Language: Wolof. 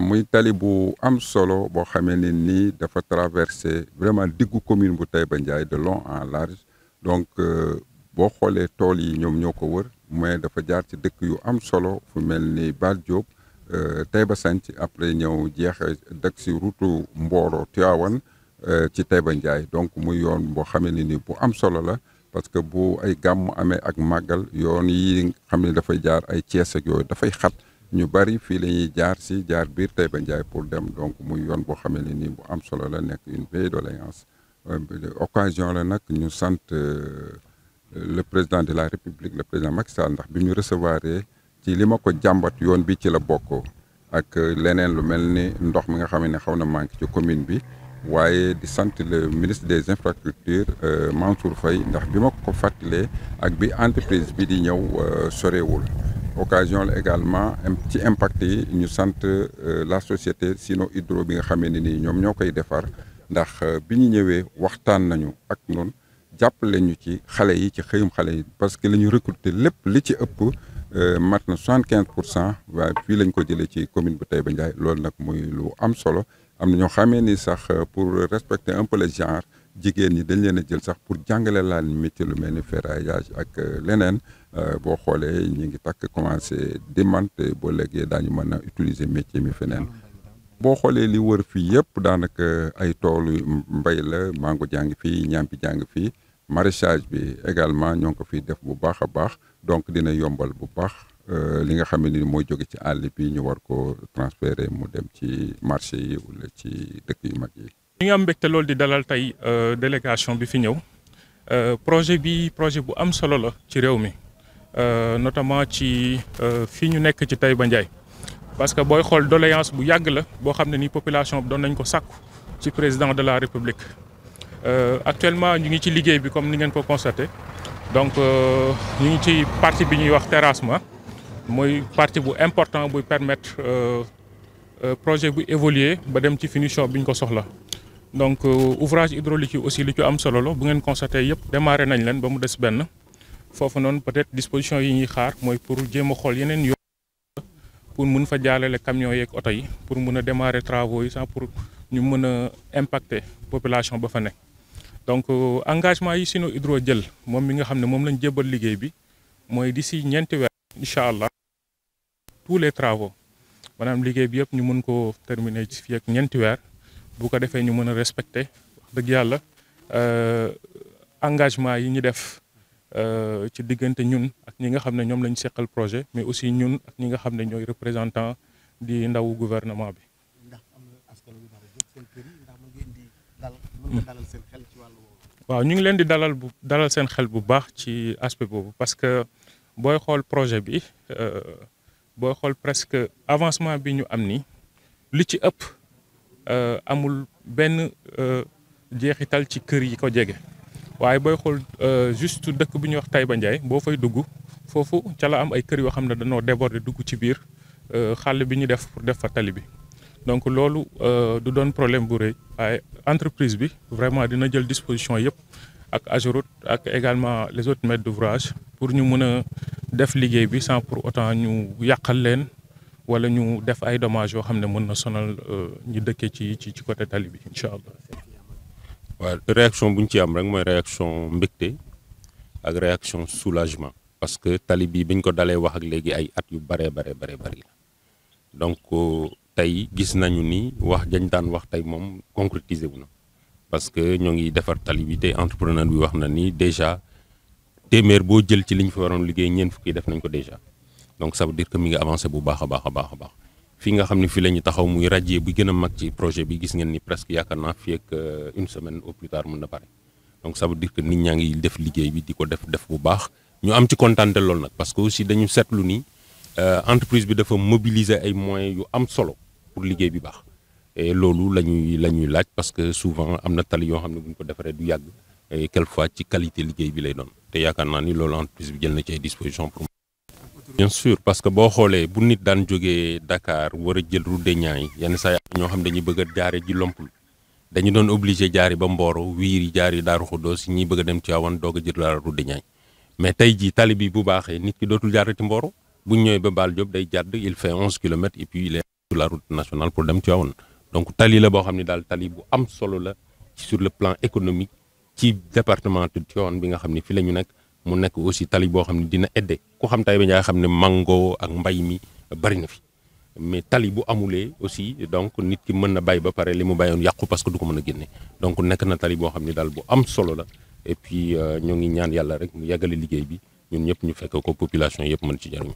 muy tali bu am solo boo xamee ne nii dafa traversé vraiment diggu commune bu Taïba njaay de long en large donc euh, boo xoolee tool yi ñoom ñoo ko wër mais dafa jaar ci dëkk yu am solo fu mel ni Baal Diop euh, Taïba Sanc après ñëw jeex dëkk si route Mboro Tivaouane euh, ci Taïba Ndiaye donc muy yoon boo xamee ne nii bu am solo la parce que bu ay gàmm amee ak màggal yoon yi xam ni dafay jaar ay Cees yooyu dafay xat ñu bari fii la ñuy jaar si jaar biir tey ba Ndiaye pour dem donc muy yoon boo xamee ne nii bu am solo la nekk une vieille doléance euh, occasion la nag ñu sant euh, le président de la république le président Macky Sall ndax bi ñu recevoir ci li ma ko jàmbat yoon bi ci la bokk ak euh, leneen lu mel ni ndox mi nga xam ne xaw na manqué ci commune bi waaye di sant le ministre des infrastructures Mansour Faye ndax bi ma ko fàttalee ak bi entreprise bi di ñëw sorewul occasion la également ci impact yi ñu sant euh, la société Sino Hydro bi nga xamee ne nii ñoom ñoo koy defar ndax euh, bi ñu ñëwee waxtaan nañu ak noonu jàppale ñu ci xale yi ci xëyum xale yi parce que li ñu recruter lépp li ci ëpp euh, mat na soixante quinze pour cent waaye fii lañ ko jëlee ci commune bu Taïba Ndiaye loolu nag mooy lu am solo am na ñoo xamee ni sax pour respecter un peu le genre jigéen ñi dañ leen a jël sax pour jàngale laan métier lu mel ni ferraillage ak euh, leneen euh, boo xoolee ñu ngi takk commencé dimante boo léegi daañu mën a utiliser métier mi feneen boo xoolee li wër fii yëpp daanaka ay toolu mbay la mango jàng fii ñampi jàng fii maraîchage bi également ñoo ngi ko fiy def bu baax a baax donc dina yombal bu baax euh, li nga xam ni mooy jóge ci àll bi ñu war ko transférer mu dem ci marché yi wala ci dëkk yu mag yi ñu ngi am te loolu di dalal tey euh, délégation bi fi ñëw euh, projet bi projet bu am solo la ci réew mi euh, notamment ci fi ñu nekk ci tey ba Ndiaye parce que booy xool doléance bu yàgg la boo xam ne ni population bi doon nañ ko sàkku ci président de la république actuellement ñu ngi ci liggéey bi comme ni ngeen ko constaté donc ñu ngi ci partie bi ñuy wax terrassement mooy partie bu important buy permettre projet bu évoluer ba dem ci finition bi ñu ko soxla donc euh, ouvrage hydraulique yi aussi li ci am solo la bu ngeen constaté yëpp démarré nañ leen ba mu des benn foofu noonu peut-être disposition yi ñuy xaar mooy pour jéem a xool yeneen yoon pour mun fa jaalale camions yeeg oto yi pour mun a démarrer travaux yi sans pour ñu mën a impacter population ba fa nekk donc euh, engagement yi sino hydro jël moom mi nga xam ne moom lañ jébbal liggéey bi mooy d'ici ñeenti weer incha allah tous les travaux maanaam liggéey bi yëpp ñu mun ko terminer ci ak ñeenti weer. bu ko defee ñu mën a respecter wax dëgg yàlla euh, engagement yi ñu def euh, ci diggante ñun ak ñi nga xam ne ñoom la ñu seqal projet mais aussi ñun ak ñi nga xam ne ñooy représentant di ndaw gouvernement bi. Hmm. waaw ñu ngi leen di dalal bu dalal seen xel bu baax ci aspect boobu parce que booy xool projet bi euh, booy xool presque avancement bi ñu am ni li ci ëpp. Euh, amul benn euh, jeexital ci kër yi ko jege waaye booy xool euh, juste dëkk bu ñuy wax Taïba Ndiaye boo fay dugg foofu ca la am ay kër yoo xam ne dañoo déborder dugg ci biir xàll bi ñu def pour def fa tali bi donc loolu du doon problème bu rëy waaye entreprise bi vraiment dina jël disposition yëpp ak Ageroute ak également les autres maîtres d'ouvrage pour ñu mën a def liggéey bi sans pour autant ñu yàqal leen wala ñu def ay dommages yoo xam ne mën na sonal euh, ñu dëkkee ci ci ci côté tali bi incha allah. réaction bu ñu ci am rek mooy réaction mbégte ak réaction soulagement. parce que tali bi biñ ko dalee wax ak léegi ay at yu bare bare bare bari la donc euh, tey gis nañu ni wax dañ daan wax tey moom concrétiser wu na parce que ñoo ngi defar tali te entrepreneur bi wax na ni déjà téeméer boo jël ci li ñu fa waroon liggéey ñeent fukki def nañ ko déjà. donc ça veut dire que mi ngi avancé bu baax a baax a baax a baax fii nga xam ne fii la ñu taxaw muy radier bu gën a mag ci projet bi gis ngeen ni presque yaakaar naa fii ak euh, une semaine au plus tard mën na pare donc ça veut dire nit ñaa ngi def liggéey bi di ko def def bu baax ñu am ci kontaan loolu nag parce que aussi dañu seetlu ni euh, entreprise bi dafa mobiliser ay moyens yu am solo pour liggéey bi baax loolu la ñuy la ñuy laaj parce que souvent am na tali yoo xam ne bu ko defaree du yàgg et quelquefois ci qualité liggéey bi lay doon te yaakaar naa ni loolu jël na ci ay bien sûr parce que boo xoolee bu nit daan jógee Dakar war a jël route de yenn saa yi ñoo xam dañuy bëgg a jaare ji Lompoul dañu doon obligé jaari ba Mboro wiiri jaari Daaru si ñuy bëgg a dem Tivaouane doog a jël la route de Niayes mais tey jii tali bu baaxee nit ki dootul jaarati Mboro bu ñu ñëwee ba Baal Diop day jàdd il fait onze kilomètres et puis la route nationale pour dem Tivaouane donc tali la boo xam ne daal tali bu am solo la sur le plan économique ci département de Tivaouane bi nga xam ne fii la ñu nekk. mu nekk aussi tali boo xam ne dina aidé ku xam Taïba Ndiaye xam ne mangoo ak mbay mi bari na fi mais tali bu amulee aussi donc nit ki mën na bay ba pare li mu bayoon yàqu parce que du ko mën a génne donc nekk na tali boo xam ne daal bu am solo la et puis euh, ñoo ngi ñaan yàlla rek mu yàggale liggéey bi ñun ñëpp ñu fekk ko population yëpp mën ci jariñu